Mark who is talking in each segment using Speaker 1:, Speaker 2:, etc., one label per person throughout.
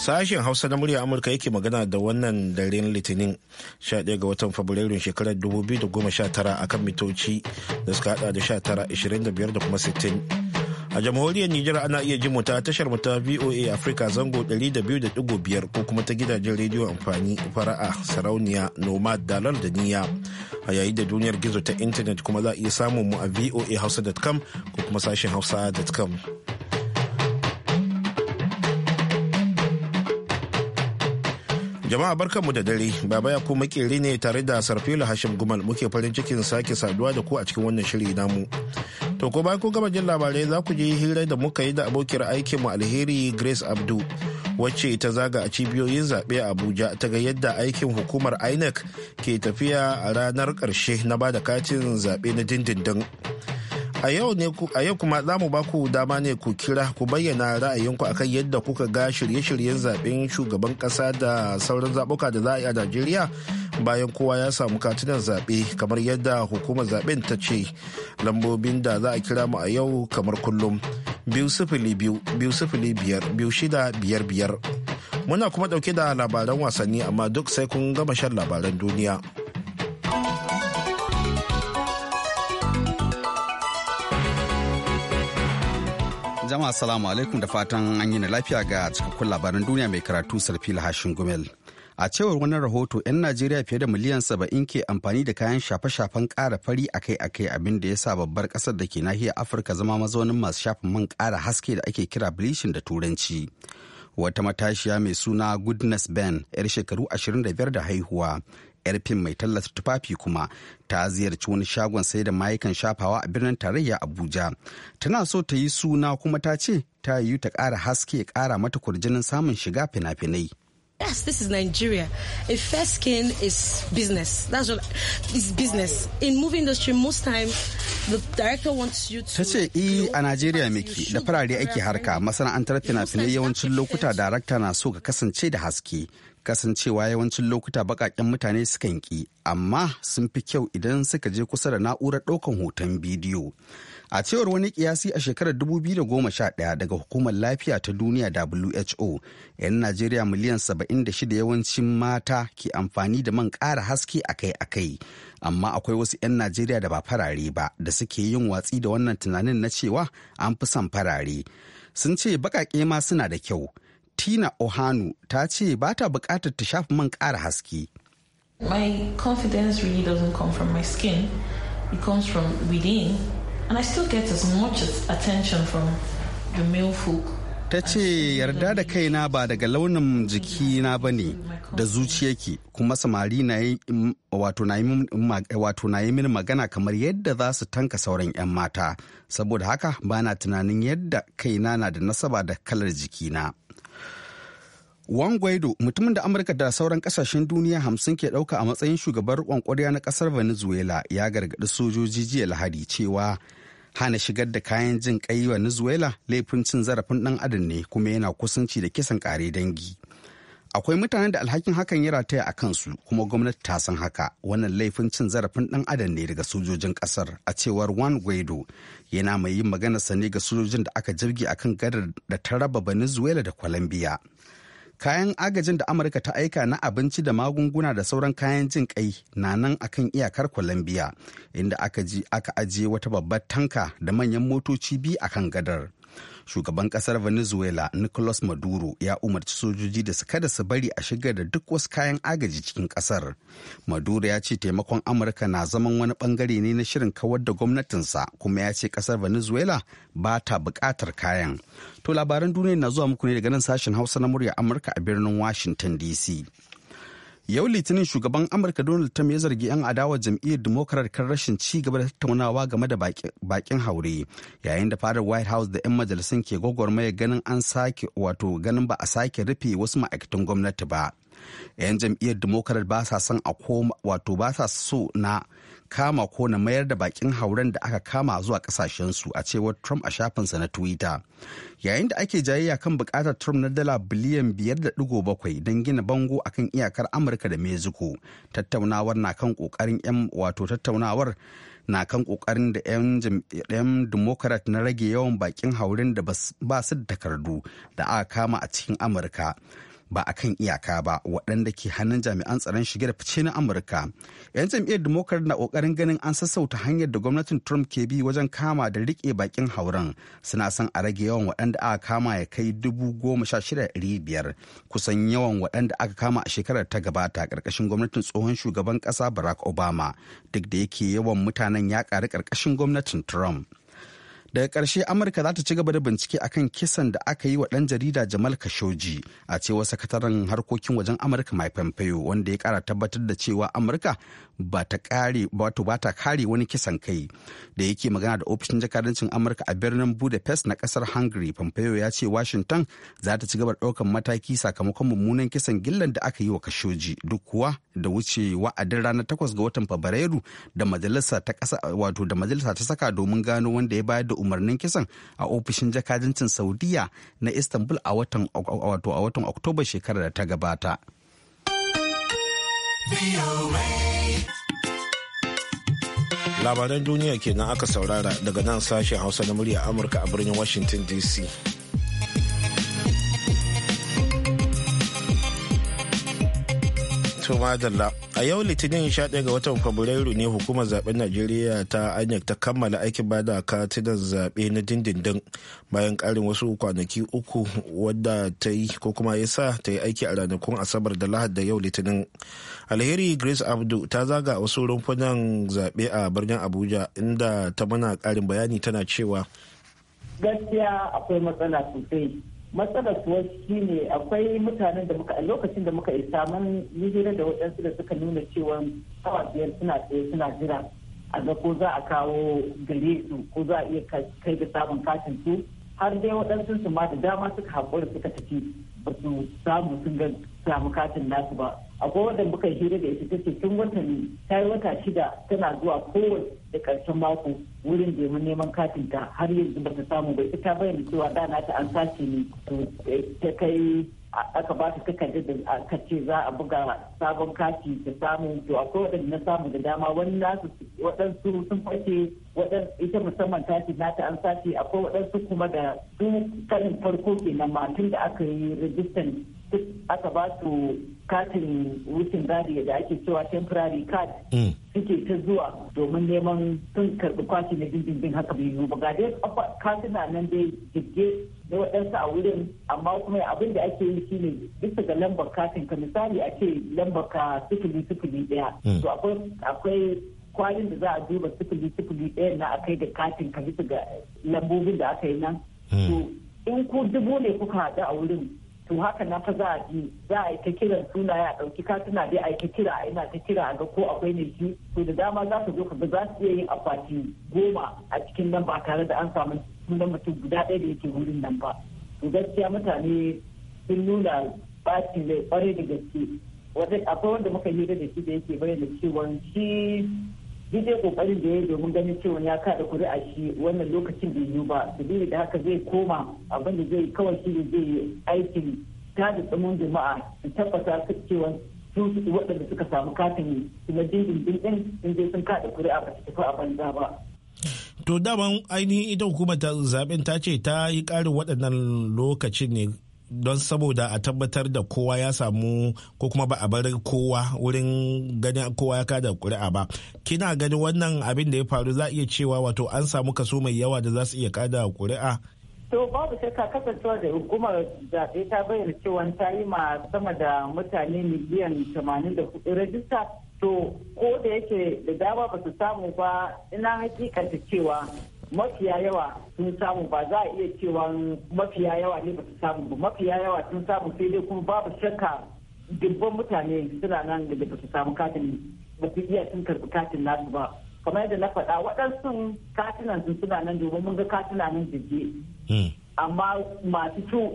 Speaker 1: Sashen Hausa na murya Amurka yake magana da wannan daren Litinin 11 ga watan Fabrairun shekarar 2019 kan mitoci da suka hada da 1925 da kuma 60. a jamhuriyar Nijar ana iya jin mu ta tashar mu ta VOA Africa zango 200.5 ko kuma ta gidajen rediyo amfani fara'a sarauniya nomad dalar da niya a yayi da duniyar gizo ta intanet kuma za a iya samun mu a voa hausa.com ko kuma sashen hausa.com. Jama'a mu da dare, baba ya kuma makeri ne tare da Sarfila Hashim Gumal muke farin cikin sake saduwa da ku a cikin wannan shiri namu. To ko bayan ko gama jin labarai za ku je hira da muka yi da abokiyar mu alheri Grace Abdu wacce ta zaga a cibiyoyin zaɓe a Abuja ta ga yadda aikin hukumar INEC ke tafiya a ranar ƙarshe na bada katin zaɓe na dindindin. A yau kuma za mu ba ku dama ne ku kira ku bayyana ra'ayinku akan yadda kuka ga shirye-shiryen zaɓen shugaban ƙasa da sauran zaɓuka da za a yi a Najeriya bayan kowa ya samu katunan zaɓe kamar yadda hukumar zaɓen ta ce lambobin da za a kira mu a yau kamar kullum biyu sifili biyar biyu shida biyar biyar muna kuma ɗauke da labaran wasanni amma duk sai kun
Speaker 2: gama shan labaran duniya. Jama'a assalamu alaikum da fatan an yi na lafiya ga cikakkun labaran duniya mai karatu sarfil hashin gumel. A cewar wani rahoto 'yan Najeriya fiye da miliyan saba'in ke amfani da kayan shafe-shafen kara fari akai-akai abin da ya sa babbar ƙasar da ke nahiyar Afirka zama mazaunin masu shafin man kara haske da ake kira bleaching da turanci. wata matashiya mai suna goodness ben yar shekaru 25 da haihuwa yar fim mai tallata tufafi kuma ta ziyarci wani shagon sai da mayukan shafawa a birnin tarayya abuja tana so ta yi suna kuma ta ce ta yi ta ƙara haske ƙara mata kurjinin samun shiga fina-finai
Speaker 1: Yes, this is Nigeria. A fair skin is business. That's what is business. In movie industry, most times,
Speaker 3: the director wants you
Speaker 2: to. Ta ce i eh, a Najeriya miki da farare ake harka masana'antar fina-finai yawancin lokuta darakta na so ka kasance da haske. kasancewa yawancin lokuta bakaken mutane sukan ki amma sun fi kyau idan suka je kusa da na'urar ɗaukan hoton bidiyo a cewar wani kiyasi a shekarar 2011 daga hukumar lafiya ta duniya who 'yan najeriya miliyan 76 yawancin mata ke amfani da man ƙara haske akai-akai amma akwai wasu 'yan najeriya da ba farare ba da suke yin watsi da wannan tunanin na cewa an fi son farare sun ce baƙaƙe ma suna da kyau tina ohanu ta ce ba ta bukatar ta shafa man ƙara haske
Speaker 4: my confidence really doesn't come from my skin it comes from
Speaker 1: within and i still get as much attention from the male folk
Speaker 2: ta ce yarda da kaina ba daga launin jikina ba ne da zuciyake kuma samari wato na yi mini magana kamar yadda za su tanka sauran 'yan mata saboda haka ba na tunanin yadda kaina na da nasaba da kalar jikina Juan Guaido mutumin da Amurka da sauran kasashen duniya hamsin ke ɗauka a matsayin shugabar kwankwariya na kasar Venezuela ya gargaɗi sojoji jiya Lahadi cewa hana shigar da kayan jin kai Venezuela laifin cin zarafin ɗan adam ne kuma yana kusanci da kisan ƙare dangi. Akwai mutane da alhakin hakan ya rataya a kansu kuma gwamnati ta san haka wannan laifin cin zarafin ɗan adam ne daga sojojin ƙasar a cewar Juan Guaido yana mai yin magana ne ga sojojin da aka jirgi akan gadar da ta raba Venezuela da Colombia. kayan agajin da amurka ta aika na abinci da magunguna da sauran kayan jin kai na nan akan iyakar colombia inda aka ajiye wata babbar tanka da manyan motoci biyu akan gadar shugaban kasar venezuela nicolas maduro ya umarci sojoji da su kada su bari a shigar da duk wasu kayan agaji cikin kasar maduro ya ce taimakon amurka na zaman wani bangare ne na shirin kawar da gwamnatinsa kuma ya ce kasar venezuela ba ta bukatar kayan to labaran duniya na zuwa muku ne daga nan sashen hausa na murya amurka a birnin washington dc Yau Litinin shugaban Amurka Donald Trump ya zargi 'yan adawa jam'iyyar Democrat kan rashin ci gaba da tattaunawa game da bakin haure yayin da fadar White House da 'yan majalisun ke gwagwarmaya ganin an sake wato ganin ba a sake rufe wasu ma'aikatan gwamnati ba. 'Yan jam'iyyar Democrat ba sa son a koma wato ba sa so na kama ko na mayar da bakin hauren da aka kama zuwa kasashensu a cewar Trump a shafinsa na Twitter. Yayin da ake jayayya kan bukatar Trump na dala biliyan 5.7 don gina bango akan iyakar Amurka da Mexico. Tattaunawar na kan kokarin 'yan wato tattaunawar na kan kokarin da 'yan democrat na rage yawan bakin hauren da ba su da takardu da aka kama a cikin amurka ba a kan iyaka ba waɗanda ke hannun jami'an tsaron shige da fice na amurka yan jam'iyyar democrat na ƙoƙarin ganin an sassauta hanyar da gwamnatin trump ke bi wajen kama da riƙe bakin hauren suna son a rage yawan waɗanda aka kama ya kai dubu goma sha shida ɗari biyar kusan yawan waɗanda aka kama a shekarar ta gabata ƙarƙashin gwamnatin tsohon shugaban ƙasa barack obama duk da yake yawan mutanen ya ƙaru ƙarƙashin gwamnatin trump daga ƙarshe amurka za ta ci gaba da bincike akan kisan da aka yi wa ɗan jarida jamal kashoji a cewar sakataren harkokin wajen amurka mai pompeo wanda ya kara tabbatar da cewa amurka ba ta kare wato ba ta kare wani kisan kai da yake magana da ofishin jakadancin amurka a birnin budapest na kasar hungary pompeo ya ce washington za ta ci gaba da ɗaukar mataki sakamakon mummunan kisan gillan da aka yi wa kashoji duk kuwa da wuce wa'adin ranar takwas ga watan fabrairu da majalisa ta ƙasa wato da majalisa ta saka domin gano wanda ya bayar da umarnin kisan a ofishin jakadancin saudiya na istanbul a watan oktoba shekarar da ta gabata labaran duniya kenan aka
Speaker 1: saurara daga nan sashen hausa na murya amurka a birnin washington dc to madalla a yau litinin 11 ga watan fabrairu ne hukumar zaben najeriya ta anya ta kammala aikin bada katinan zaɓe na dindindin bayan ƙarin wasu kwanaki uku wadda ta yi ko kuma ya sa ta yi aiki a ranakun asabar da lahad da yau litinin alheri grace abdu ta zaga wasu rumfunan zaɓe a birnin abuja inda ta mana ƙarin bayani tana cewa
Speaker 4: gaskiya akwai matsala sosai matsalar kuwa shi ne akwai mutanen da muka a lokacin da muka isa mun yi hira da waɗansu da suka nuna cewa awa biyar suna tsaye suna jira a ga ko za a kawo gare su ko za a iya kai da samun katin su har dai waɗansu su ma da dama suka haƙura suka tafi ba su samu sun ga samu katin nasu ba akwai wadda muka hira da ita ce tun watan ta yi wata shida tana zuwa kowace da karshen mako wurin da neman katin ta har yanzu ba ta samu ba ita bayyana cewa da na ta an sace ni to eh, ta kai aka ba ta takardar da aka ce za a buga sabon kati ta samu to akwai waɗanda na samu da dama wani nasu waɗansu sun fashe waɗansu ita musamman na ta an sace akwai waɗansu kuma da su karin farko kenan ma tun da aka yi rajistan duk aka ba su katin wucin gadi da ake cewa temporary card mm. suke ta zuwa domin neman sun karɓi kwashi na dindindin haka bai yiwu ba ga dai katina nan dai jirge da waɗansu a wurin amma kuma abin da ake yi shine bisa ga lambar katin ka misali a ce lambar ka sifili sifili ɗaya mm. to akwai kwanin da za a duba sifili sifili ɗaya na akai da katin ka bisa ga lambobin da aka yi nan mm. to in ku dubu ne kuka haɗu a wurin to haka na fa za a yi za a yi ta kiran sunaye a ɗauki katuna dai a yi ta kira a yana ta kira a ga ko akwai ne shi to da dama za su zo ka ga za su iya yin akwati goma a cikin nan ba tare da an samu sunan mutum guda ɗaya da yake wurin nan ba to gaskiya mutane sun nuna bacin mai ƙwarai da gaske akwai wanda muka yi da shi da yake bayyana cewa shi duk dai kokarin da ya domin ganin cewa ya kada kuri'a shi wannan lokacin bai yiwu ba sabili da haka zai koma abinda zai kawai shi ne zai yi aikin tada tsamin jama'a su tabbata cewa su waɗanda suka samu katin kuma dindindin din sun je sun kada kuri'a ba su tafi a banza ba.
Speaker 1: To daman ainihin ita hukumar zaben ta ce ta yi ƙarin waɗannan lokacin ne don saboda a tabbatar da kowa ya samu ko kuma ba a bar kowa wurin ganin kowa ya kada kuri'a ba kina gani wannan abin da ya faru za iya cewa wato an samu kaso mai yawa da za su iya kada kuri'a
Speaker 4: to babu shakka kasancewa da hukumar zaɓe ta bayyana cewa ta yi ma sama da mutane miliyan 84 rajista to ko da yake da dama ba su samu ba ina hakikata cewa mafiya yawa sun samu ba za a iya cewa mafiya yawa ne ba su samu ba mafiya yawa sun samu sai dai kuma babu shakka dubban mutane suna nan da ba su samu katin ba su iya sun karbi katin nasu ba kamar yadda na faɗa waɗansu katinan sun suna nan domin mun ga katina nan jirgi hmm. amma masu ciwo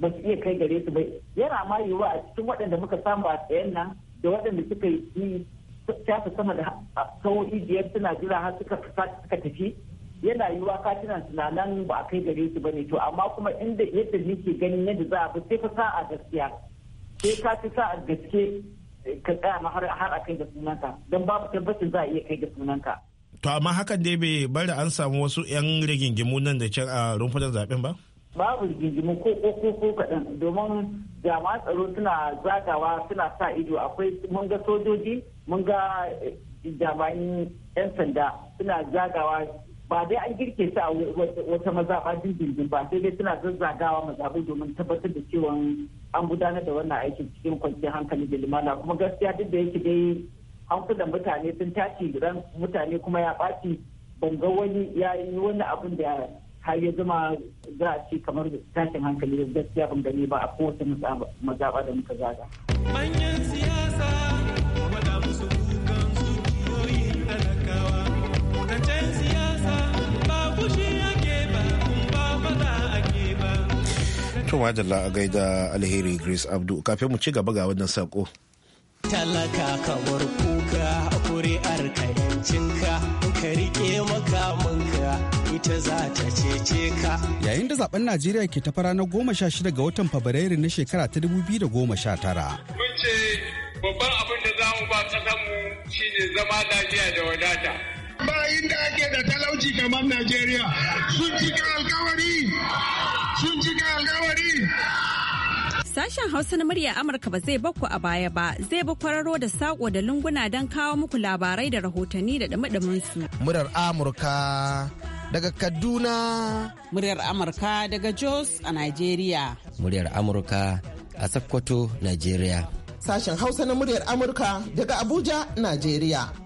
Speaker 4: ba su iya kai gare su ba yana ma yiwuwa a cikin waɗanda muka samu a tsayen nan da waɗanda suka yi ta sama da sawo'i biyar suna jira har suka suka tafi yana yiwuwa katinan suna nan ba a kai gare su ne to amma kuma inda yadda nake ganin yadda za a bi sai fa sa'a gaskiya sai ka fi sa'a gaske ka tsaya ma har a kai da sunanka don babu tabbacin za a iya kai da sunanka.
Speaker 1: to amma hakan dai bai bari an samu wasu 'yan rigingimu nan da can a rumfunan zaben ba?
Speaker 4: babu rigingimu ko ko ko ko kaɗan domin jama'a tsaro suna zagawa suna sa ido akwai mun ga sojoji mun ga eh, jami'an 'yan sanda suna zagawa ba dai an girke su a wata mazaɓa dindindin ba sai dai suna zazzagawa mazaɓu domin tabbatar da cewa an gudanar da wannan aikin cikin kwanciyar hankali da limana kuma gaskiya duk da yake dai hankulan mutane sun tashi ran mutane kuma ya ɓaci ban ga wani ya yi wani abin da har ya zama za a ci kamar tashin hankali da gaskiya ban gani ba a kowace mazaɓa da muka zaga. Manyan
Speaker 5: siyasa
Speaker 1: To madalla a gaida alheri Grace Abdu kafin mu ci gaba ga wannan sako.
Speaker 3: Talaka ka bar kuka kuri'ar ka yancinka ka rike
Speaker 4: makamanka ita za ta cece ka.
Speaker 2: Yayin da zaben Najeriya ke tafara na goma sha shida ga watan Fabrairu na shekara ta dubu biyu da goma sha tara. Mun ce
Speaker 4: babban abin
Speaker 5: da za mu ba shi shine zama lafiya da wadata.
Speaker 2: Bayin da ake da talauci kamar Najeriya sun cika alkawari. sun cika alkawari Sashen Hausa na murya Amurka ba zai bakku a baya ba, zai ba kwararo da saƙo da lunguna don kawo muku labarai da rahotanni da dumi su. Murar Amurka daga Kaduna. Muryar Amurka daga Jos a Najeriya. Muryar Amurka a Sokoto, Najeriya. Sashen Hausa na muryar Amurka daga Abuja, Najeriya.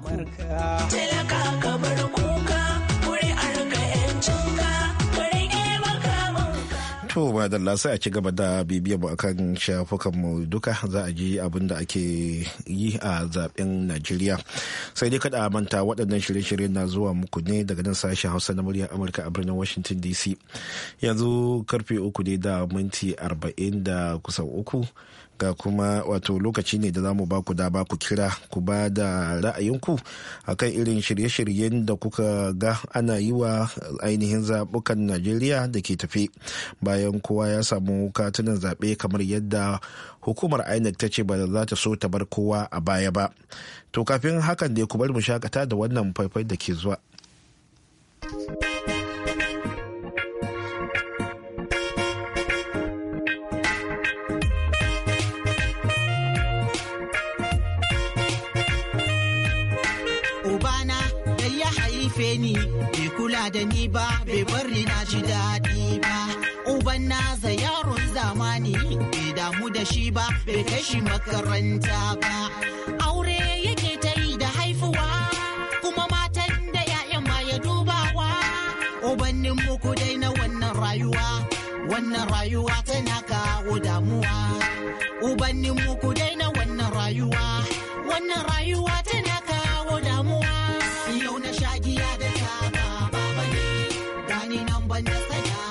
Speaker 1: To ba da lasa kuka, a ci gaba da bibiyar mu akan mu duka za a ji abin da ake yi a zaben Najeriya. Sai dai kada manta waɗannan shirye-shirye na zuwa muku ne daga nan sashen Hausa na muryar Amurka a birnin Washington DC. Yanzu karfe uku ne da minti arba'in da kusan uku. ga kuma wato lokaci ne da za mu ba ku da ba kira ku ba da ra'ayinku akan irin shirye-shiryen da kuka ga ana yi wa ainihin zaɓukan najeriya da ke tafi bayan kowa ya samu katunan zaɓe kamar yadda hukumar inec ta ce ba za ta so ta bar kowa a baya ba to kafin hakan da ku kubar mu shakata da wannan faifai da ke zuwa.
Speaker 2: ni bai kula da ni ba bai bar ni na ji daɗi ba uban za yaron zamani bai damu da shi ba bai kai shi makaranta ba aure yake ta yi da haifuwa kuma matan da 'ya'yan ma ya dubawa ubannin muku dai na wannan rayuwa wannan rayuwa tana kawo damuwa ubannin muku dai na wannan rayuwa wannan rayuwa tana ban da sana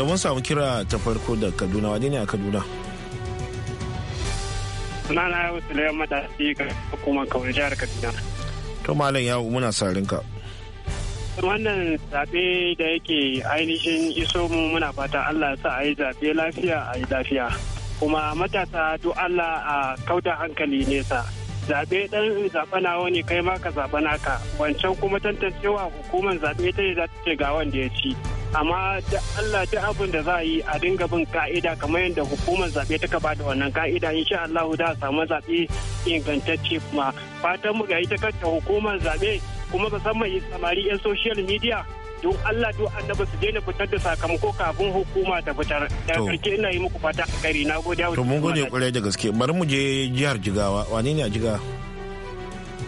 Speaker 1: to mun samu kira ta farko da kaduna wani ne a kaduna
Speaker 5: na na yau tsiliyar matashi ga hukumar kawai jihar kaduna
Speaker 1: to malam yawo muna sarin ka
Speaker 5: wannan zaɓe da yake ainihin iso mu muna fata allah sa a yi zaɓe lafiya a yi lafiya kuma matasa duk allah a kauta hankali nesa zaɓe ɗan zaɓe na wani kai ma ka zaɓa naka wancan kuma tantancewa hukumar zaɓe ta yi za ta ce ga wanda ya ci amma da Allah duk abin da za a yi a dinga bin ka'ida kamar yadda hukumar zaɓe ta ba da wannan ka'ida insha Allah za a samu zaɓe ingantacce kuma fatan mu ga ita kanta hukumar zaɓe kuma musamman samari 'yan social media don Allah don annabi su daina fitar da sakamako kafin hukuma ta fitar da karke ina yi muku fata a kari na gode to mun gode
Speaker 1: kure da gaske bari mu je jihar Jigawa wane ne a Jigawa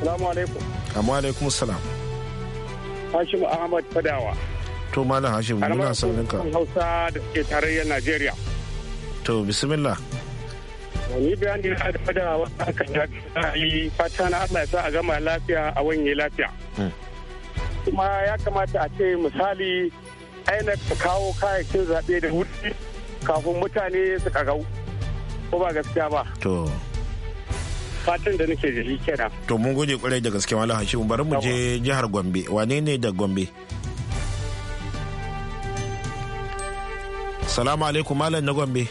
Speaker 5: Assalamu alaikum
Speaker 1: Amma alaikum salam
Speaker 5: Hashim Ahmad Fadawa
Speaker 1: to malam hashim muna saurin ka
Speaker 5: hausa da suke tarayyar najeriya
Speaker 1: to bismillah
Speaker 5: ni bayani na da da wata kan yi fata na allah ya sa a gama lafiya a wanye lafiya hmm. kuma ya kamata a ce misali aina ta kawo kayayyakin zaɓe da wuri kafin mutane su kagau
Speaker 1: ko ba gaskiya ba to fatan da nake da shi kenan to mun gode kwarai da gaske malam hashim bari mu je jihar gombe wane ne da gombe salamu alaikum malam na gombe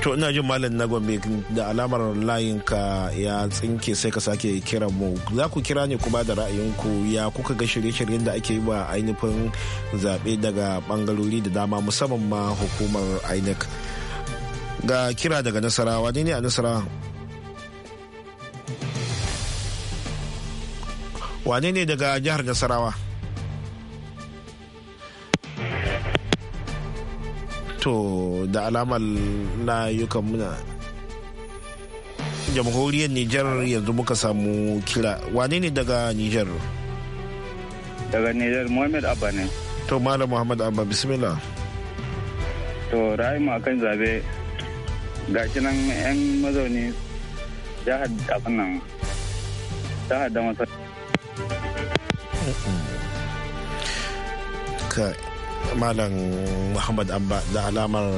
Speaker 1: to ina jin malam na gombe da alamar layin ka ya tsinke sai ka sake kiran mu za ku kira ne kuma da ra'ayinku ya kuka ga shirye-shiryen da ake yi wa ainihin zaɓe daga ɓangarori da dama musamman ma hukumar inec ga kira daga nasarawa ne a nasarawa wane ne daga jihar nasarawa to da alamar na yukan muna jamhuriyar nijar yanzu muka samu kira wani ne daga nijar daga nijar muhammad abba ne to malam muhammad abba bismillah to
Speaker 5: ra'ayin akan zabe ga nan 'yan mazauni jihar
Speaker 1: abin nan jihar da masar malam muhammad abba da alamar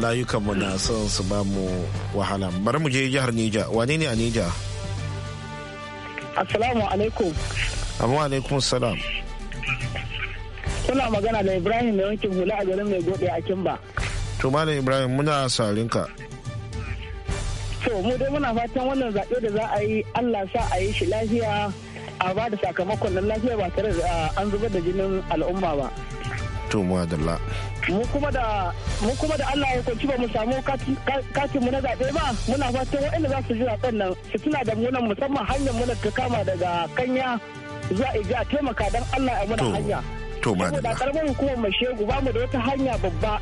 Speaker 1: layukanmu na son su ba mu wahala bari mu je jihar nija wane ne a nija
Speaker 4: assalamu alaikum
Speaker 1: abu alaikum salam
Speaker 4: kuna magana da ibrahim mai wankin hula a garin mai gobe a kimba
Speaker 1: to malam ibrahim muna ka
Speaker 4: to mu dai muna fatan wannan zaɓe da za a yi allah sa a yi shi lafiya a ba da sakamakon na lafiya ba tare da ah, an zubar da jinin al'umma ba
Speaker 1: to mu adalla
Speaker 4: mu kuma da mu kuma da Allah ya kunci ba mu samu katin mu na zaɓe ba muna fatan waɗanda za su ji zaɓen nan su tuna da mu musamman hanyar mu ta kama daga kanya zuwa ija taimaka don Allah ya muna hanya to ma da karamin hukumar mashegu ba mu da wata hanya babba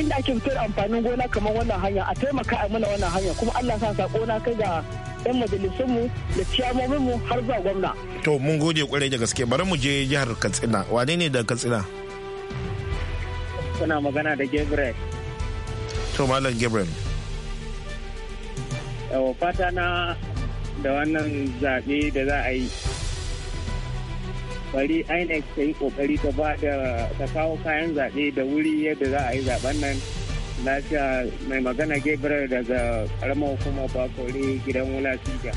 Speaker 4: inda ake fitar amfanin gona kamar wannan hanya a taimaka a mana wannan hanya kuma Allah sa sako na kai ga yan majalisunmu da ciyamominmu har zuwa gwamna.
Speaker 1: To mun gode kwarai da gaske bari mu je jihar Katsina wane ne da Katsina?
Speaker 5: Kuna magana da Gabriel.
Speaker 1: To Malam Gabriel.
Speaker 5: Yawa fata na da wannan zaɓe da za a yi bari inec ta yi kokari ta ba da ta kawo kayan zaɓe da wuri yadda za a yi zaɓen nan lafiya mai magana gabriel daga karamar hukumar bakore gidan wula sija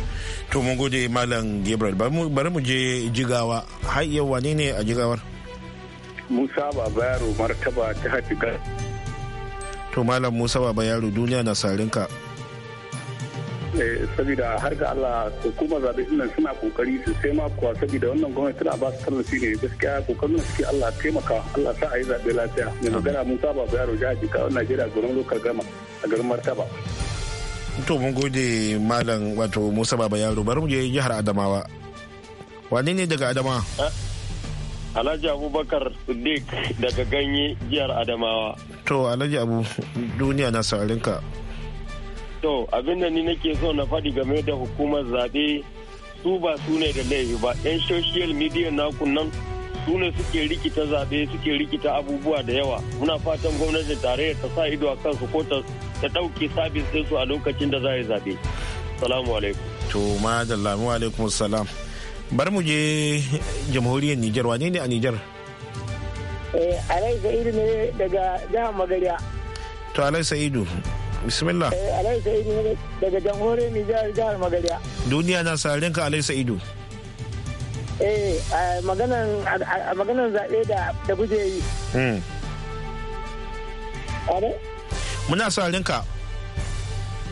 Speaker 1: to mun gode malam gabriel bari mu je jigawa har yau wani ne a jigawar
Speaker 5: musa baba yaro martaba ta hajjigar
Speaker 1: to malam musa baba yaro duniya na sarinka
Speaker 5: saboda har ga Allah hukumar zaɓe nan suna kokari sai ma kuwa saboda wannan gwamnati tana ba su tallafi ne gaskiya kokarin suke Allah taimaka Allah sa a yi zaɓe lafiya mai magana mun saba yaro jihar Jigawa Najeriya gurin lokal gama a garin Martaba.
Speaker 1: To mun gode malam wato Musa Baba Yaro bari mu je jihar Adamawa. Wani ne daga adama.
Speaker 5: Ah, Alhaji Abubakar Siddiq daga ganye jihar Adamawa.
Speaker 1: To Alhaji Abu duniya na saurinka. ka.
Speaker 5: To da ni nake so na faɗi game da hukumar zaɓe su ba su ne da laifi ba 'yan social media na nan su ne suke rikita zaɓe suke rikita abubuwa da yawa muna fatan gwamnatin tare ta sa ido a kansu ko ta ɗauke sabis su a lokacin da za a yi zaɓe.
Speaker 1: Salamu alaikum. To da lamu alaikum salam. Bar mu je jamhuriyar Nijar wane ne a Nijar?
Speaker 4: Eh Alai Sa'idu ne daga jihar Magariya.
Speaker 1: To Alai Sa'idu bismillah
Speaker 4: eh, alai sa'idu daga jamhuriyar nijar jihar magariya
Speaker 1: duniya na sararin ka alai sa'idu
Speaker 4: eh maganan zaɓe da da guje yi
Speaker 1: hmm. muna sararin ka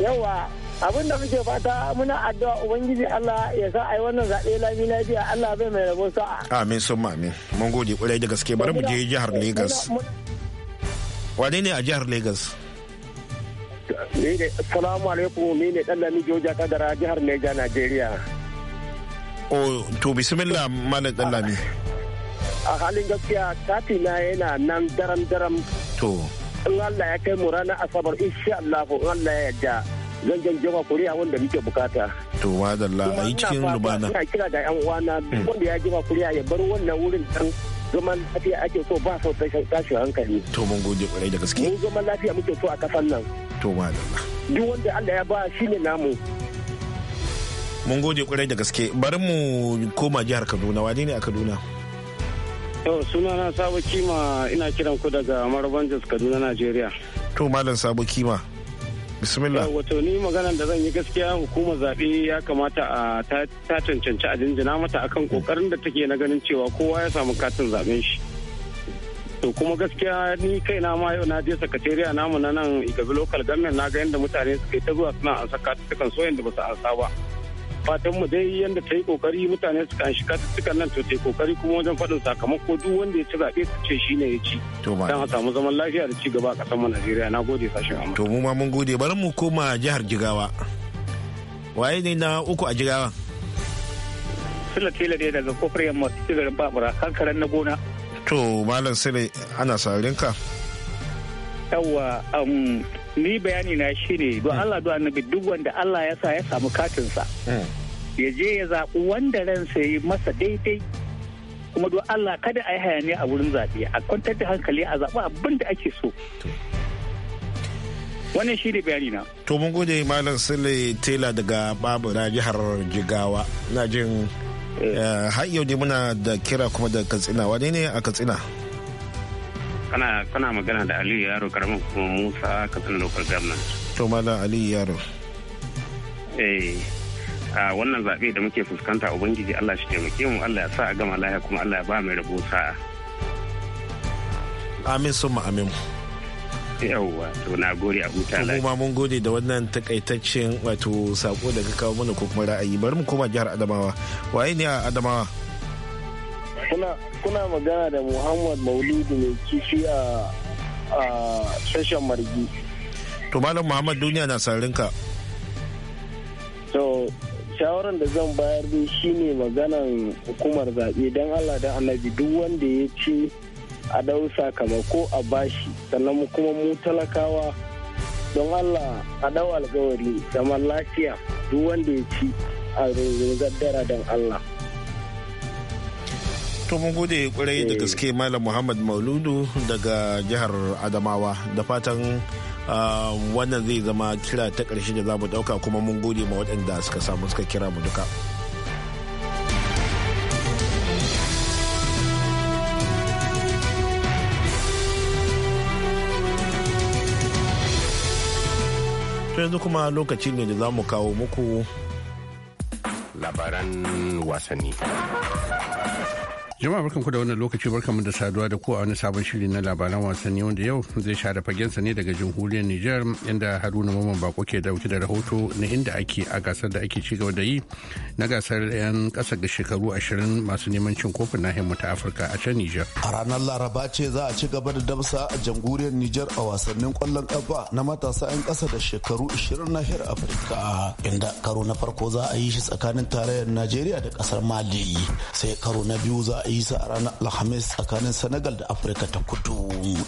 Speaker 4: yawa abin da muke fata muna addu'a ubangiji Allah ya sa ai wannan zaɓe lami lafiya Allah bai mai rabo sa'a
Speaker 1: amin sun amin mun gode kwarai da gaske bari mu je jihar eh, Lagos wane ne a jihar Lagos
Speaker 5: salamu alaikum ni ne ɗan Lami Joja Kadara jihar Neja, Najeriya.
Speaker 1: O, to bismillah Malam ɗan Lami.
Speaker 5: A halin gaskiya kati na yana nan daram-daram. To. In Allah ya kai mu ranar Asabar, insha Allah, in Allah ya yadda Zan jan jama kuriya wanda muke bukata.
Speaker 1: To, madalla, a yi cikin lubana. Ina
Speaker 5: kira ga 'yan uwana, hmm. wanda ya jama kuriya ya bar wannan wurin dan zaman lafiya ake so ba sau tashin hankali. To mun gode kwarai da gaske. Mun zaman lafiya muke so a kasan nan. To malama. Duk wanda Allah ya ba shi ne namu.
Speaker 1: Mun gode kwarai da gaske bari mu koma jihar Kaduna wane ne a Kaduna?
Speaker 5: suna na Sabo Kima ina kiran ku daga Marabanjas Kaduna
Speaker 1: Najeriya. To malam Sabo Kima. bismillah
Speaker 5: wato ni maganan da zan yi gaskiya hukumar zaɓe ya kamata a ta cancanci a jinjina mata akan kokarin da take na ganin cewa kowa ya samu katin zaɓen shi to kuma gaskiya ni kaina ma yau na je sakatariya namu na nan igabi local government na ga yadda mutane suka yi ta zuwa suna saka tukan so yadda ba su an ba fatan mu dai yanda ta yi kokari mutane su kan shi katuttukan nan to ta yi kokari kuma wajen faɗin sakamako duk wanda ya ci zaɓe su ce shi ne ya ci don a samu zaman lafiya da ci gaba a ƙasar mu Najeriya na gode sashen amma.
Speaker 1: To mu ma mun gode bari mu koma jihar Jigawa. Waye ne na uku a Jigawa?
Speaker 5: Suna Tela ne daga kofar yamma cikin
Speaker 1: Babura kankaran na gona. To Malam Sule ana saurinka.
Speaker 4: Yawwa um, ni bayani na ne. don hmm. Allah don annabi duk wanda Allah ya sa ya samu katinsa hmm. ya je ya zaɓi wanda ransa ya yi masa daidai kuma don Allah kada a yi hayaniya a wurin zaɓe a kwantar da hankali a zaɓi abin da ake so wannan
Speaker 5: shi ne bayani na
Speaker 1: to mun gode malam sule tela daga babura jihar jigawa na jin eh. Eh, har yau ne muna da kira kuma da katsina wane ne a katsina
Speaker 5: kana kana magana da aliyu yaro karamin kuma musa katsina local government
Speaker 1: to malam aliyu yaro
Speaker 5: eh a wannan zaɓe da muke fuskanta ubangiji allah shi taimake mu allah ya sa a gama lahiya kuma allah ya ba mai rabo sa'a
Speaker 1: amin summa amin yawwa to na gode a huta lafiya kuma mun gode da wannan takaitaccen wato sako da ka kawo mana ko kuma ra'ayi bari mu koma jihar adamawa waye ne a adamawa
Speaker 5: kuna magana da muhammad mauludi mai kifi a
Speaker 1: sashen margi to malam muhammad duniya na sarinka
Speaker 5: to shawaran da zan bayar dai shine maganan hukumar zaɓe don allah da annabi duk wanda ya ce a dau sakamako a bashi sannan kuma mu talakawa don allah a dau alkawari zaman lafiya duk wanda ya ci a rungun gaddara don allah
Speaker 1: To mun gode kwarai da eh. gaske Malam Muhammad Mauludu daga jihar Adamawa da fatan ah, wannan zai zama kira ta ƙarshe da za mu ɗauka kuma mun gode ma waɗanda suka samu suka kira mu duka. To yanzu kuma lokaci ne da za mu kawo muku
Speaker 6: labaran wasanni. Jama'a barkanku da wannan lokaci barkanmu da saduwa da ku a wani sabon shiri na labaran wasanni wanda yau zai share fagensa ne daga jamhuriyar Nijar inda Haruna Mamman Bako ke dauke da rahoto na inda ake a gasar da ake ci gaba da yi na gasar 'yan kasa ga shekaru 20 masu neman cin kofin nahiyar mu ta Afirka a can Nijar.
Speaker 3: A ranar Laraba ce za a ci gaba da damsa a jamhuriyar Nijar a wasannin kwallon kafa na matasa 'yan kasa da shekaru 20 nahiyar Afirka inda karo na farko za a yi shi tsakanin tarayyar Najeriya da kasar Mali sai karo na biyu za a yi su a ranar alhamis tsakanin senegal da afirka ta kudu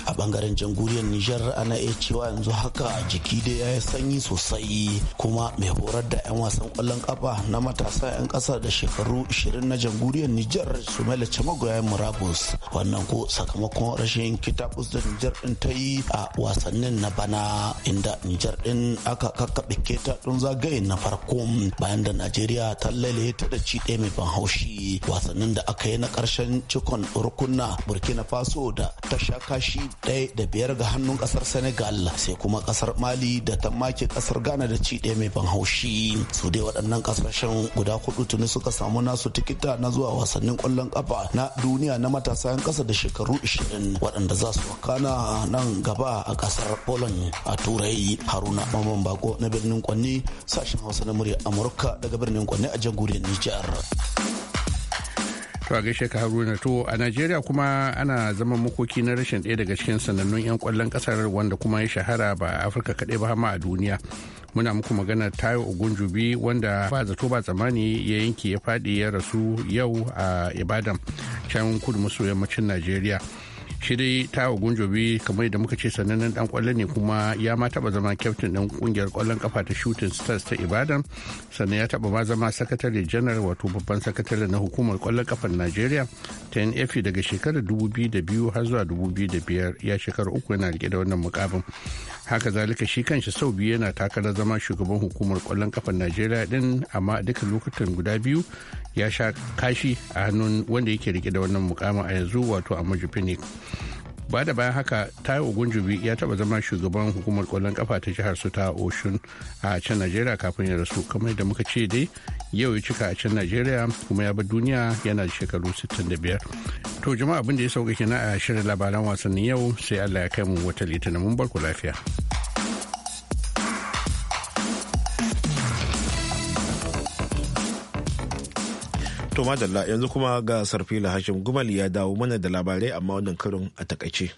Speaker 3: a bangaren jamhuriyar nijar ana iya cewa yanzu haka jiki da ya yi sanyi sosai kuma mai horar da 'yan wasan kwallon kafa na matasa 'yan kasa da shekaru 20 na jamhuriyar nijar su maila magoya murabus wannan ko sakamakon rashin kitabus da nijar din ta yi a wasannin na bana inda nijar din aka kakkaɓe keta don zagaye na farko bayan da najeriya ta lalaye ta da ci ɗaya mai ban haushi wasannin da aka yi na ƙarshe kasashen cikon rukunna burkina faso da ta sha kashi ɗaya da biyar ga hannun kasar senegal sai kuma kasar mali da ta make kasar ghana da ci ɗaya mai ban haushi su dai waɗannan kasashen guda hudu tuni suka samu nasu tikita na zuwa wasannin kwallon ƙafa na duniya na matasa 'yan ƙasa da shekaru 20 waɗanda za su kana nan gaba a kasar poland a turai haruna mamman bako na birnin kwanni sashen hausa na murya
Speaker 6: amurka daga birnin kwanni a jamhuriyar nijar To a gaishe ka Haruna to a Najeriya kuma ana zaman makoki na rashin ɗaya daga cikin sanannun 'yan kwallon ƙasar wanda kuma ya shahara ba a Afirka kaɗai ba ma a duniya. Muna muku magana ogun jubi wanda ba zato ba tsammani ya yanke ya faɗi ya rasu yau a Ibadan can kudu maso yammacin Najeriya. shi dai wa gunjobi kamar da muka ce sanannen dan kwallo ne kuma ya ma taba zama kyaftin dan kungiyar kwallon kafa ta shooting stars ta ibadan sannan ya taba ma zama sakatare janar wato babban sakatare na hukumar kwallon kafar najeriya ta nfa daga shekarar 2002 har zuwa 2005 ya shekaru uku yana rike da wannan mukamin haka zalika shi kanshi sau biyu yana takarar zama shugaban hukumar kwallon kafar najeriya din amma duka lokutan guda biyu ya sha kashi a hannun wanda yake rike da wannan mukamin a yanzu wato a phoenix ba da bayan haka tayo ogunjubi ya taba zama shugaban hukumar kwallon kafa ta jihar su ta oshun a can najeriya kafin ya rasu kamar da muka ce dai yau ya cika a can najeriya kuma ya bar duniya yana da shekaru 65 to jama'a abin da ya sauka kenan a shirin labaran wasannin yau sai allah ya kai mu wata litinin mun bar ku lafiya.
Speaker 1: To madalla yanzu kuma ga sarfila Hashim Gumal ya dawo mana da labarai amma wannan karin a takaice.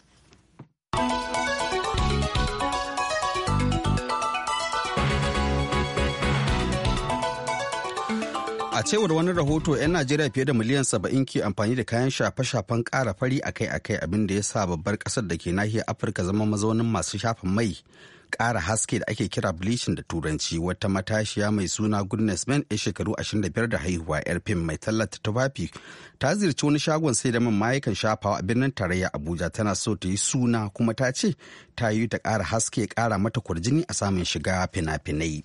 Speaker 2: A cewar wani rahoto 'yan Najeriya fiye da miliyan 70 ke amfani da kayan shafe-shafen kara fari akai-akai abinda ya sa babbar kasar da ke nahiyar Afirka zama mazaunin masu shafa mai ƙara haske da ake kira bleaching da turanci wata matashiya mai suna goodness man ya shekaru 25 da haihuwa yar fim mai tallata tufafi ta ziyarci wani shagon sai da man shafawa a birnin tarayya abuja tana so ta yi suna kuma ta ce ta yi ta kara haske kara mata kwarjini a samun shiga fina-finai.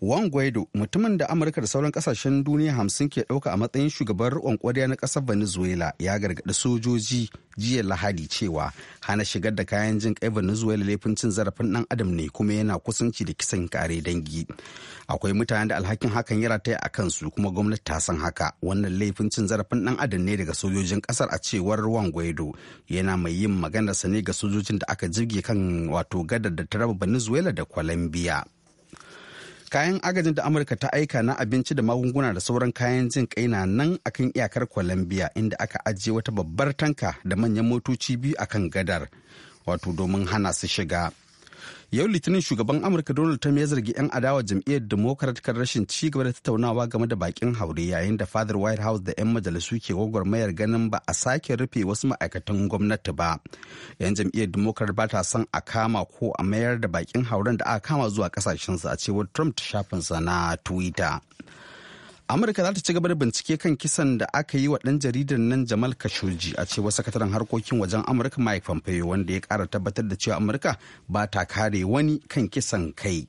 Speaker 2: Wang Guaido mutumin da Amurka da sauran kasashen duniya hamsin ke ɗauka a matsayin shugaban riƙon ƙwarya na ƙasar Venezuela ya gargaɗi sojoji jiya Lahadi cewa hana shigar da kayan jin kai Venezuela laifin cin zarafin ɗan adam ne kuma yana kusanci da kisan kare dangi. Akwai mutane da alhakin hakan ya rataya a kansu kuma gwamnati ta san haka wannan laifin cin zarafin ɗan adam ne daga sojojin ƙasar a cewar Wang Guaido yana mai yin maganarsa ne ga sojojin da aka jirge kan wato gadar da ta raba Venezuela da Colombia. kayan agajin da amurka ta aika na abinci da magunguna da sauran kayan jin kai na nan akan iyakar colombia inda aka ajiye wata babbar tanka da manyan motoci biyu a kan gadar wato domin hana su shiga yau litinin shugaban amurka donald trump ya zargi 'yan adawa jam'iyyar democrat kan rashin ci gaba da tattaunawa game da bakin haure yayin da fadar white house da 'yan majalisu ke gwagwarmayar ganin ba a sake rufe wasu ma'aikatan gwamnati ba 'yan jam'iyyar democrat ba ta son a kama ko a mayar da bakin hauren da aka kama zuwa kasashensu a cewar trump ta shafinsa na twitter amurka za ta ci gaba da bincike kan kisan da aka yi wa ɗan jaridar nan jamal khashoggi a cewar sakataren harkokin wajen amurka mike pompeo wanda ya ƙara tabbatar da cewa amurka ba ta kare wani kan kisan kai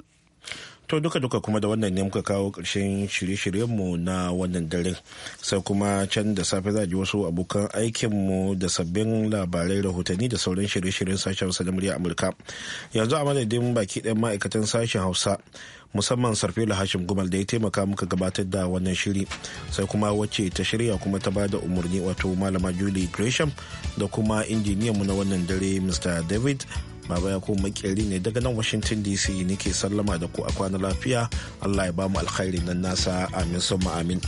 Speaker 2: to duka duka kuma da wannan ne muka kawo
Speaker 1: ƙarshen shirye-shiryenmu na wannan dare sai kuma can da safe za a ji wasu abokan aikinmu da sabbin labarai rahotanni da sauran shirye-shiryen sashen hausa na murya amurka yanzu a madadin baki ɗayan ma'aikatan sashen hausa musamman sarfila hashim gumal da ya taimaka muka gabatar da wannan shiri sai kuma wacce ta shirya kuma ta bada umarni wato malama julie gresham da kuma injiniyan mu na wannan dare mr david baba ya ko makeri ne daga nan washington dc nake sallama da ku a kwana lafiya allah ya bamu alkhairi nan nasa amin summa amin